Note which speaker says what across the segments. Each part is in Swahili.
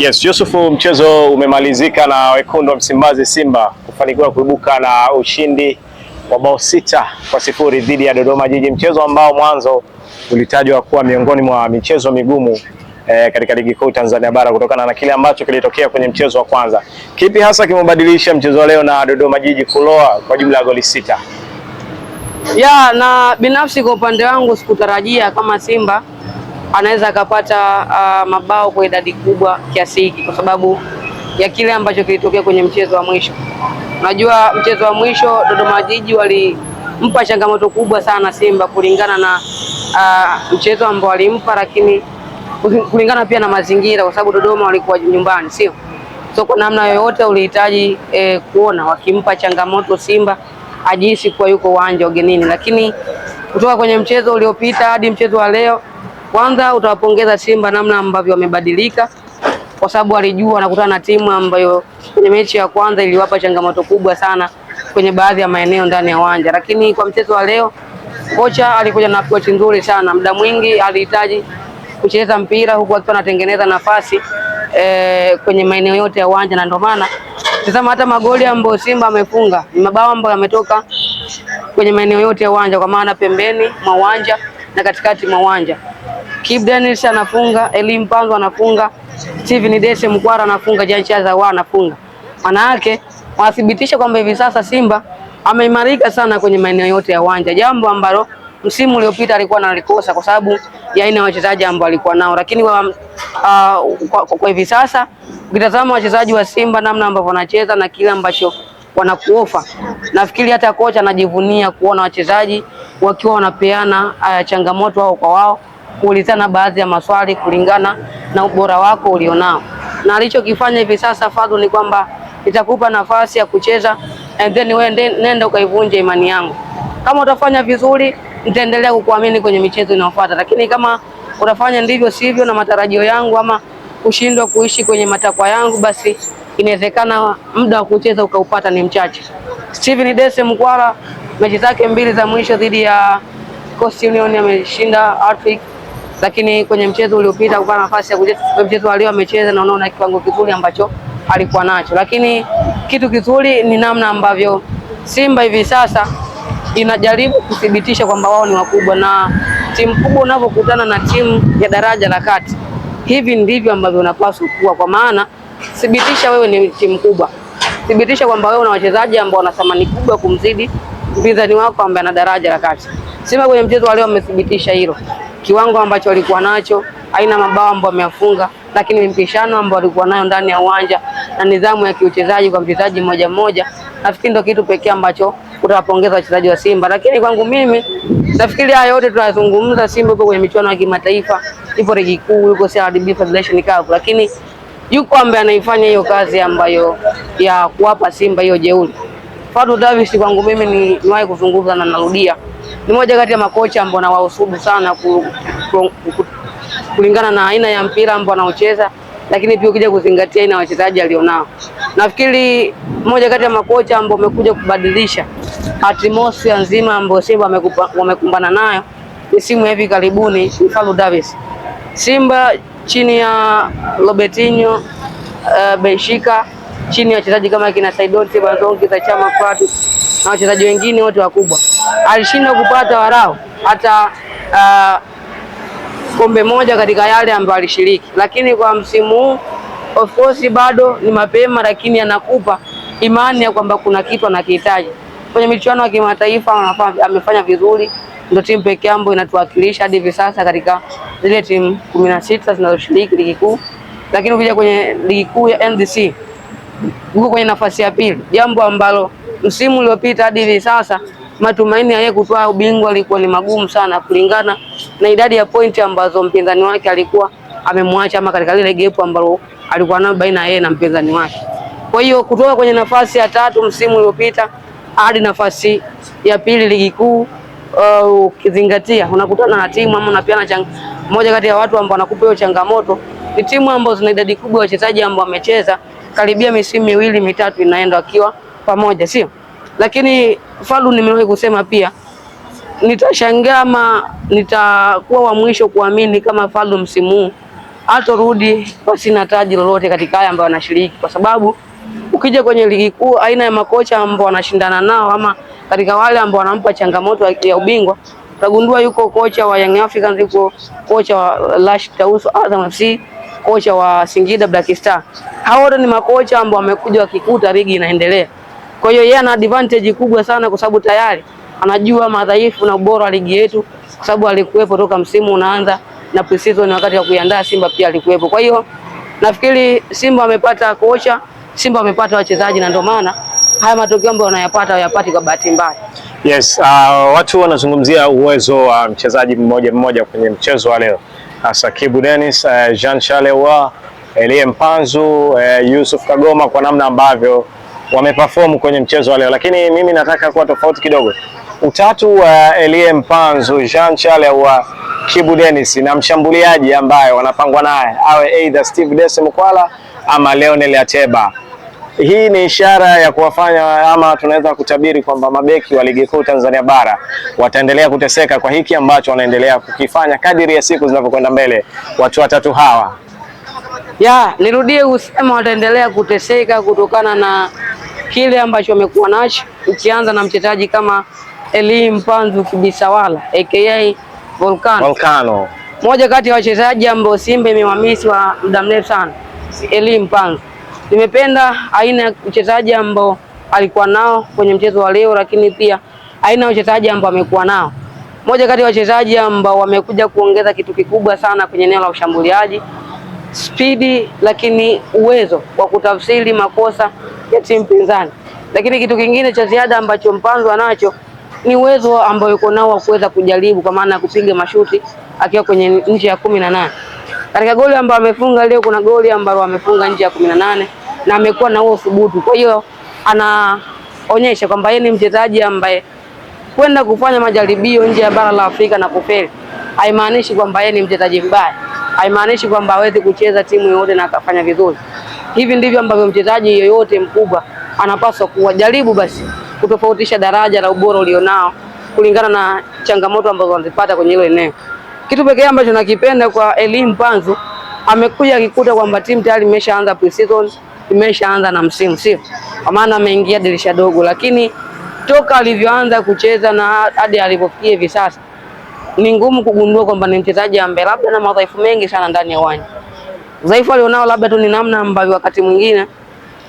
Speaker 1: Yes, Yusufu, mchezo umemalizika na wekundu wa Msimbazi Simba kufanikiwa kuibuka na ushindi wa bao sita kwa sifuri dhidi ya Dodoma Jiji, mchezo ambao mwanzo ulitajwa kuwa miongoni mwa michezo migumu eh, katika ligi kuu Tanzania bara kutokana na kile ambacho kilitokea kwenye mchezo wa kwanza. Kipi hasa kimebadilisha mchezo wa leo na Dodoma Jiji kuloa kwa jumla ya goli sita?
Speaker 2: Ya, na binafsi kwa upande wangu sikutarajia kama Simba anaweza akapata uh, mabao kwa idadi kubwa kiasi hiki kwa sababu ya kile ambacho kilitokea kwenye mchezo wa mwisho. Unajua, mchezo wa mwisho Dodoma Jiji walimpa changamoto kubwa sana Simba kulingana na uh, mchezo ambao walimpa, lakini kulingana pia na mazingira, kwa sababu Dodoma walikuwa nyumbani, sio so kwa namna yoyote ulihitaji eh, kuona wakimpa changamoto Simba ajisi kuwa yuko uwanja ugenini, lakini kutoka kwenye mchezo uliopita hadi mchezo wa leo kwanza utawapongeza Simba namna ambavyo wamebadilika, kwa sababu walijua wanakutana na timu ambayo kwenye mechi ya kwanza iliwapa changamoto kubwa sana kwenye baadhi ya maeneo ndani ya uwanja, lakini kwa mchezo wa leo kocha alikuja na approach nzuri sana. Muda mwingi alihitaji kucheza mpira huku akiwa anatengeneza nafasi e, kwenye maeneo yote ya uwanja, na ndio maana tazama hata magoli ambayo Simba amefunga ni mabao ambayo yametoka kwenye maeneo yote ya uwanja, kwa maana pembeni mwa uwanja na katikati mwa uwanja. Kip Daniels anafunga, Eli Mpango anafunga, Steven Deshe Mkwara anafunga, Jan Chaza anafunga. Maana yake wanathibitisha kwamba hivi sasa Simba ameimarika sana kwenye maeneo yote ya uwanja, jambo ambalo msimu uliopita alikuwa analikosa kwa sababu ya aina ya wachezaji ambao alikuwa nao, lakini wa, uh, kwa, kwa hivi sasa ukitazama wachezaji wa Simba namna ambavyo wanacheza na kile ambacho wanakuofa, nafikiri hata kocha anajivunia kuona wachezaji wakiwa wanapeana uh, changamoto wao kwa wao kuulizana baadhi ya maswali kulingana na ubora wako ulionao, na alichokifanya hivi sasa Fadlu ni kwamba nitakupa nafasi ya kucheza and then wewe nenda ukaivunja imani yangu. Kama utafanya vizuri, nitaendelea kukuamini kwenye michezo inayofuata, lakini kama utafanya ndivyo sivyo na matarajio yangu ama kushindwa kuishi kwenye matakwa yangu, basi inawezekana muda wa kucheza ukaupata ni mchache. Steven Dese Mkwala mechi zake mbili za mwisho dhidi ya Coast Union ameshinda hat-trick lakini kwenye mchezo uliopita kwa nafasi ya kucheza mchezo alio amecheza, na unaona kiwango kizuri ambacho alikuwa nacho. Lakini kitu kizuri ni namna ambavyo Simba hivi sasa inajaribu kuthibitisha kwamba wao ni wakubwa, na timu kubwa unavyokutana na timu ya daraja la kati, hivi ndivyo ambavyo unapaswa kuwa, kwa maana thibitisha wewe ni timu kubwa, thibitisha kwamba wewe una wachezaji ambao wana thamani kubwa kumzidi mpinzani wako ambaye ana daraja la kati. Simba kwenye mchezo wa leo wamethibitisha hilo kiwango ambacho walikuwa nacho, aina mabao ambao wameyafunga, lakini mpishano ambao walikuwa nayo ndani ya uwanja na nidhamu ya kiuchezaji kwa mchezaji mmoja mmoja, nafikiri ndio kitu pekee ambacho utawapongeza wachezaji wa Simba. Lakini kwangu mimi nafikiri haya yote tunayazungumza, Simba yuko kwenye michuano ya kimataifa, ipo ligi kuu, yuko CRDB Federation Cup, lakini yuko ambaye anaifanya hiyo kazi ambayo ya kuwapa Simba hiyo jeuri. Fadu Davis kwangu mimi ni niwahi kuzungumza na narudia, ni moja kati ya makocha ambao na wahusubu sana ku, ku, ku, kulingana na aina ya mpira ambao anaocheza, lakini pia ukija kuzingatia aina ya wachezaji alionao, nafikiri moja kati ya makocha ambao amekuja kubadilisha atmosphere nzima ambayo Simba wamekumbana nayo ni simu ya hivi karibuni Fadu Davis. Simba chini ya Robertinho, uh, eh, Benshika chini ya wachezaji kama kina Saidoti Bazongi za chama kwatu na wachezaji wengine wote wakubwa. Alishindwa kupata warao hata uh, kombe moja katika yale ambayo alishiriki, lakini kwa msimu huu of course bado ni mapema, lakini anakupa imani ya kwamba kuna kitu anakihitaji kwenye michuano ya kimataifa. Amefanya vizuri, ndio timu pekee ambayo inatuwakilisha hadi hivi sasa katika zile timu kumi na sita zinazoshiriki ligi kuu, lakini ukija kwenye ligi kuu ya NDC uko kwenye nafasi ya pili, jambo ambalo msimu uliopita hadi hivi sasa matumaini ya yeye kutoa ubingwa alikuwa ni magumu sana, kulingana na idadi ya pointi ambazo mpinzani wake alikuwa amemwacha ama katika lile gap ambalo alikuwa nayo baina yeye na mpinzani wake. Kwa hiyo kutoka kwenye nafasi ya tatu msimu uliopita hadi nafasi ya pili ligi kuu, uh, ukizingatia unakutana na timu ama unapiana chang... moja kati ya watu ambao wanakupa hiyo changamoto ni timu ambazo zina idadi kubwa ya wachezaji ambao wamecheza karibia misimu miwili mitatu inaenda akiwa pamoja, sio? Lakini Falu nimewahi kusema pia nitashangaa ama nitakuwa wa mwisho kuamini kama Falu msimu huu atorudi pasina taji lolote katika haya ambayo anashiriki, kwa sababu ukija kwenye ligi kuu, aina ya makocha ambao wanashindana nao ama katika wale ambao wanampa changamoto ya ubingwa, utagundua yuko kocha wa Young Africans, yuko kocha wa Lash Tausu Azam FC, kocha wa Singida Black Star hao wote ni makocha ambao wamekuja wakikuta ligi inaendelea. Kwa hiyo yeye ana advantage kubwa sana, kwa sababu tayari anajua madhaifu na ubora wa ligi yetu, kwa sababu alikuwepo toka msimu unaanza na pre-season wakati wa kuiandaa Simba pia alikuwepo. Kwa hiyo nafikiri Simba wamepata kocha, Simba wamepata wachezaji, na ndio maana haya matokeo ambayo wanayapata hayapati kwa bahati mbaya.
Speaker 1: Yes, uh, watu wanazungumzia uwezo wa uh, mchezaji mmoja mmoja kwenye mchezo wa leo hasa Kibu Dennis, uh, Jean Charles wa Elie Mpanzu eh, Yusuf Kagoma kwa namna ambavyo wameperform kwenye mchezo wa leo, lakini mimi nataka kuwa tofauti kidogo. Utatu wa uh, Elie Mpanzu, Jean Charles wa Kibu Dennis na mshambuliaji ambaye wanapangwa naye awe either Steve Dese Mkwala ama Leonel Ateba. Hii ni ishara ya kuwafanya ama tunaweza kutabiri kwamba mabeki wa ligi kuu Tanzania bara wataendelea kuteseka kwa hiki ambacho wanaendelea kukifanya kadiri ya siku zinavyokwenda mbele, watu watatu hawa
Speaker 2: ya nirudie kusema wataendelea kuteseka kutokana na kile ambacho wamekuwa nacho, ukianza na mchezaji kama Eli Mpanzu Kibisawala aka Volcano. Volcano. Moja kati ya wachezaji ambao Simba imewamisi wa muda mrefu sana, Eli Mpanzu. Nimependa aina ya uchezaji ambao alikuwa nao kwenye mchezo wa leo, lakini pia aina ya uchezaji ambao amekuwa nao. Moja kati ya wachezaji ambao wamekuja kuongeza kitu kikubwa sana kwenye eneo la ushambuliaji spidi, lakini uwezo wa kutafsiri makosa ya timu pinzani. Lakini kitu kingine cha ziada ambacho Mpanzu anacho ni uwezo ambao yuko nao wa kuweza kujaribu kwa maana ya kupiga mashuti akiwa kwenye nje ya kumi na nane. Katika goli ambayo amefunga leo, kuna goli ambayo amefunga nje ya kumi na nane na amekuwa na huo thubutu. Kwa hiyo anaonyesha kwamba yeye ni mchezaji ambaye kwenda kufanya majaribio nje ya bara la Afrika na kufeli haimaanishi kwamba yeye ni mchezaji mbaya haimaanishi kwamba hawezi kucheza timu yoyote na akafanya vizuri. Hivi ndivyo ambavyo mchezaji yoyote mkubwa anapaswa jaribu basi kutofautisha daraja la ubora ulionao kulingana na changamoto ambazo wanazipata kwenye hilo eneo. Kitu pekee ambacho nakipenda kwa Elim Panzu amekuja akikuta kwamba timu tayari imeshaanza pre-season, imeshaanza na msimu, sio kwa maana ameingia dirisha dogo, lakini toka alivyoanza kucheza na hadi alivyofikia hivi sasa ni ngumu kugundua kwamba ni mchezaji ambaye labda na madhaifu mengi sana ndani ya uwanja. Udhaifu alionao labda tu ni namna ambavyo wakati mwingine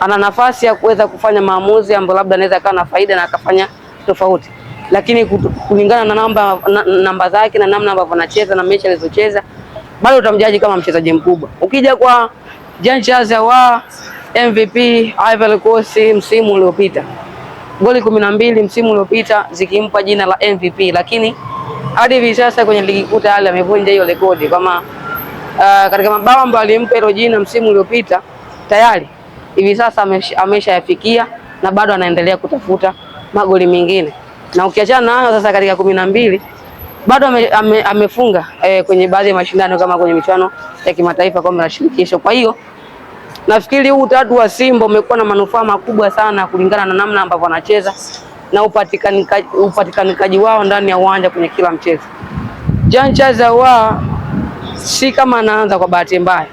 Speaker 2: ana nafasi ya kuweza kufanya maamuzi ambayo labda anaweza akawa na faida na akafanya tofauti, lakini kulingana na namba, na, namba zake na namna ambavyo anacheza na mechi alizocheza bado utamjaji kama mchezaji mkubwa. Ukija kwa Jean Charles Ahoua MVP Ivory Coast msimu uliopita, goli kumi na mbili msimu uliopita zikimpa jina la MVP, lakini hadi hivi sasa kwenye ligi kuu tayari amevunja hiyo rekodi kama uh, ah, katika mabao ambayo alimpa hilo jina msimu uliopita tayari hivi sasa ameshayafikia amesha na bado anaendelea kutafuta magoli mengine, na ukiachana nayo sasa katika kumi na mbili bado ame, ame, amefunga eh, kwenye baadhi ya mashindano kama kwenye michuano ya kimataifa, kombe la shirikisho. Kwa hiyo nafikiri huu utatu wa Simba umekuwa na manufaa makubwa sana kulingana na namna ambavyo anacheza na upatikanikaji upatikanikaji wao ndani ya uwanja kwenye kila mchezo. Jean Charles Ahoua si kama anaanza kwa bahati mbaya,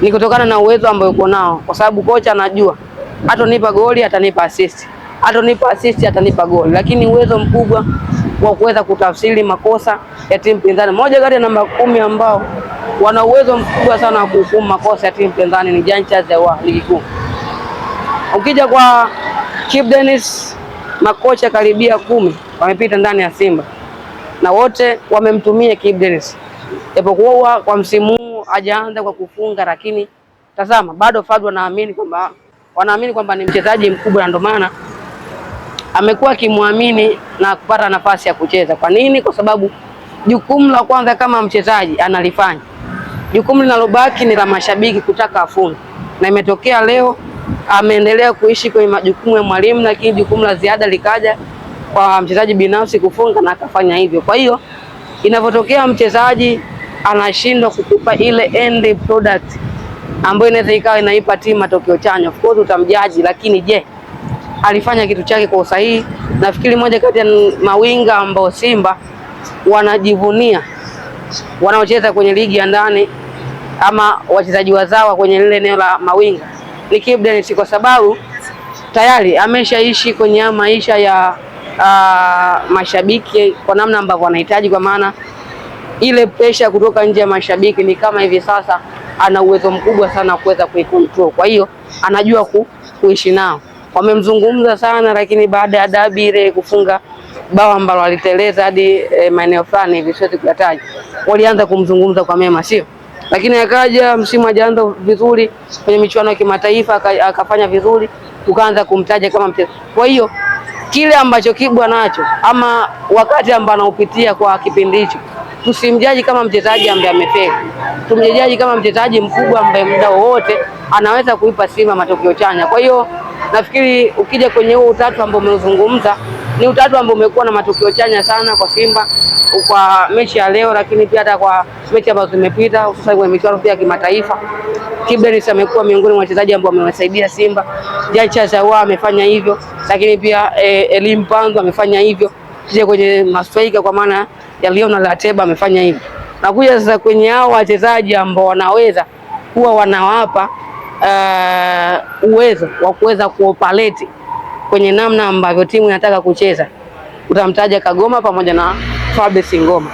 Speaker 2: ni kutokana na uwezo ambao uko nao, kwa sababu kocha anajua atonipa goli, atanipa assist, atonipa assist, atanipa goli, lakini uwezo mkubwa wa kuweza kutafsiri makosa ya timu pinzani. Moja kati ya namba kumi ambao wana uwezo mkubwa sana wa kuhukumu makosa ya timu pinzani ni Jean Charles Ahoua ligi kuu. Ukija kwa Kip Dennis makocha karibia kumi wamepita ndani ya Simba na wote wamemtumia Kibu Denis, japokuwa kwa msimu huu hajaanza kwa kufunga, lakini tazama, bado Fadlu wanaamini kwamba wanaamini kwamba ni mchezaji mkubwa, na ndio maana amekuwa akimwamini na kupata nafasi ya kucheza. Kwa nini? Kwa sababu jukumu la kwanza kama mchezaji analifanya, jukumu linalobaki ni la mashabiki kutaka afunge, na imetokea leo ameendelea kuishi kwenye majukumu ya mwalimu, lakini jukumu la ziada likaja kwa mchezaji binafsi kufunga na akafanya hivyo. Kwa hiyo inavyotokea mchezaji anashindwa kukupa ile end product ambayo inaweza ikawa inaipa timu matokeo chanya, of course utamjaji, lakini je, alifanya kitu chake kwa usahihi? Nafikiri moja kati ya mawinga ambao Simba wanajivunia wanaocheza kwenye ligi ya ndani ama wachezaji wazawa kwenye lile eneo la mawinga ni Kibu Dennis kwa sababu tayari ameshaishi kwenye maisha ya uh, mashabiki kwa namna ambavyo wanahitaji, kwa maana ile pesha kutoka nje ya mashabiki ni kama hivi sasa ana uwezo mkubwa sana wa kuweza kuikontrol. Kwa hiyo anajua ku, kuishi nao. Wamemzungumza sana, lakini baada ya dabi ile kufunga bao ambalo aliteleza hadi e, maeneo fulani hivi, siwezi kuyataja, walianza kumzungumza kwa mema, sio lakini akaja msimu ajaanza vizuri kwenye michuano ya kimataifa akafanya vizuri, tukaanza kumtaja kama mchezaji. Kwa hiyo kile ambacho Kibwa nacho ama wakati ambao anaupitia kwa kipindi hicho, tusimjaji kama mchezaji ambaye amefeli, tumjaji kama mchezaji mkubwa ambaye muda wowote anaweza kuipa Simba matokeo chanya. Kwa hiyo nafikiri ukija kwenye huo utatu ambao umeuzungumza ni utatu ambao umekuwa na matokeo chanya sana kwa Simba kwa mechi ya leo, lakini pia hata kwa mechi ambazo zimepita, hususan kwenye michuano ya kimataifa. Kibu amekuwa miongoni mwa wachezaji ambao wamewasaidia Simba. Jan Chazawa amefanya hivyo, lakini pia e, Elim Pango amefanya hivyo, kija kwenye mastraika kwa maana ya Leonard Ateba amefanya hivyo. Nakuja sasa kwenye hao wachezaji ambao wanaweza kuwa wanawapa uh, uwezo wa kuweza kuoperate kwenye namna ambavyo timu inataka kucheza, utamtaja Kagoma pamoja na Fabrice Ngoma.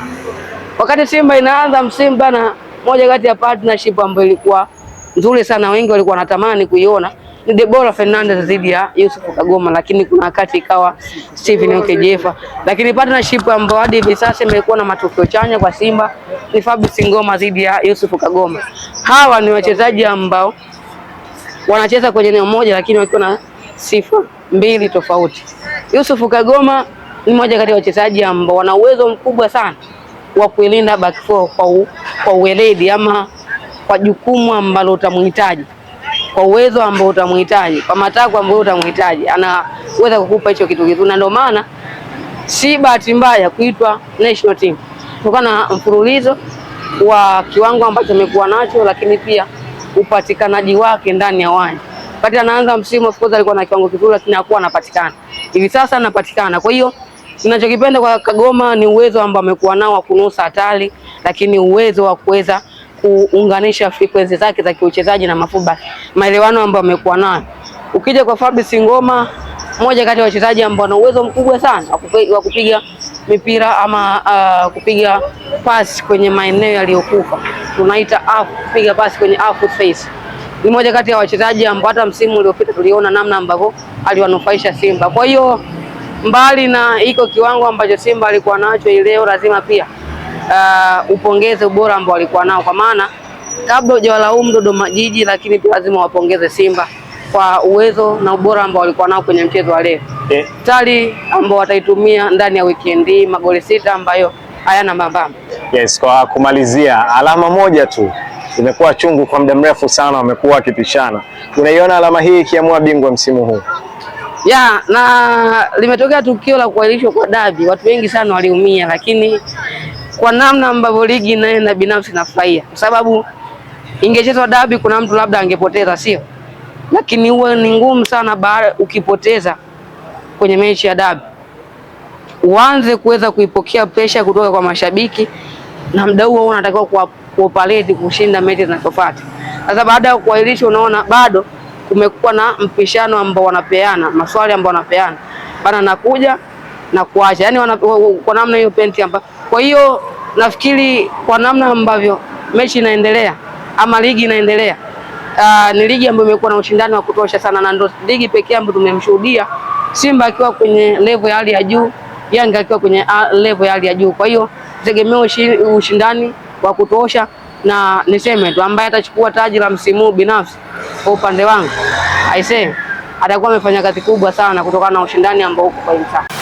Speaker 2: Wakati Simba inaanza msimu bana, moja kati ya partnership ambayo ilikuwa nzuri sana, wengi walikuwa wanatamani kuiona ni Debora Fernandez dhidi ya Yusuf Kagoma, lakini kuna wakati ikawa Steven Okejefa. Lakini partnership ambayo hadi hivi sasa imekuwa na matokeo chanya kwa Simba ni Fabrice Ngoma dhidi ya Yusuf Kagoma. Hawa ni wachezaji ambao wanacheza kwenye eneo moja, lakini wakiwa na sifa mbili tofauti. Yusufu Kagoma ni mmoja kati ya wachezaji ambao wana uwezo mkubwa sana wa kuilinda back four kwa, kwa uweledi ama kwa jukumu ambalo utamhitaji, kwa uwezo ambao utamhitaji, kwa matakwa ambayo utamhitaji, anaweza kukupa hicho kitu kizuri, na ndio maana si bahati mbaya kuitwa national team kutokana na mfululizo wa kiwango ambacho amekuwa nacho, lakini pia upatikanaji wake ndani ya uwanja wakati anaanza msimu of course alikuwa na kiwango kizuri, lakini hakuwa anapatikana. Hivi sasa anapatikana. Kwa hiyo tunachokipenda kwa Kagoma ni uwezo ambao amekuwa nao wa kunusa hatari, lakini uwezo wa kuweza kuunganisha frequency zake za kiuchezaji na mafuba maelewano ambayo amekuwa nayo. Ukija kwa Fabrice Ngoma, mmoja kati ya wachezaji ambao ana uwezo mkubwa sana wa kupiga mipira ama uh, kupiga pasi kwenye maeneo yaliyokufa, tunaita kupiga pasi kwenye half face ni moja kati ya wachezaji ambao hata msimu uliopita tuliona namna ambavyo aliwanufaisha Simba. Kwa hiyo mbali na iko kiwango ambacho Simba alikuwa nacho leo, lazima pia uh, upongeze ubora ambao alikuwa nao, kwa maana kabla hujawalaumu Dodoma Jiji, lakini pia lazima wapongeze Simba kwa uwezo na ubora ambao walikuwa nao kwenye mchezo wa leo eh, tali ambao wataitumia ndani ya weekend hii, magoli sita ambayo hayana mabamba.
Speaker 1: Yes, kwa kumalizia alama moja tu imekuwa chungu kwa muda mrefu sana, wamekuwa wakipishana. Unaiona alama hii ikiamua bingwa msimu huu
Speaker 2: ya na limetokea tukio la kuahirishwa kwa dabi, watu wengi sana waliumia, lakini kwa namna ambavyo ligi inaenda, binafsi nafurahia kwa sababu ingechezwa dabi, kuna mtu labda angepoteza, sio? Lakini huwa ni ngumu sana baada ukipoteza kwenye mechi ya dabi, uanze kuweza kuipokea presha kutoka kwa mashabiki, na muda huo unatakiwa kuoperate kushinda mechi zinazofuata. Sasa baada ya kuahirishwa, unaona bado kumekuwa na mpishano ambao wanapeana maswali ambao wanapeana bana, nakuja na kuacha, yani kwa namna hiyo penti amba. Kwa hiyo nafikiri kwa namna ambavyo mechi inaendelea ama ligi inaendelea Uh, ni ligi ambayo imekuwa na ushindani wa kutosha sana na ndio ligi pekee ambayo tumemshuhudia Simba akiwa kwenye level ya hali ya juu, Yanga akiwa kwenye level ya hali ya juu. Kwa hiyo tegemea ushindani wa kutosha, na niseme tu ambaye atachukua taji la msimu huu, binafsi kwa upande wangu aisee, atakuwa amefanya kazi kubwa sana kutokana na ushindani ambao uko kwa sasa.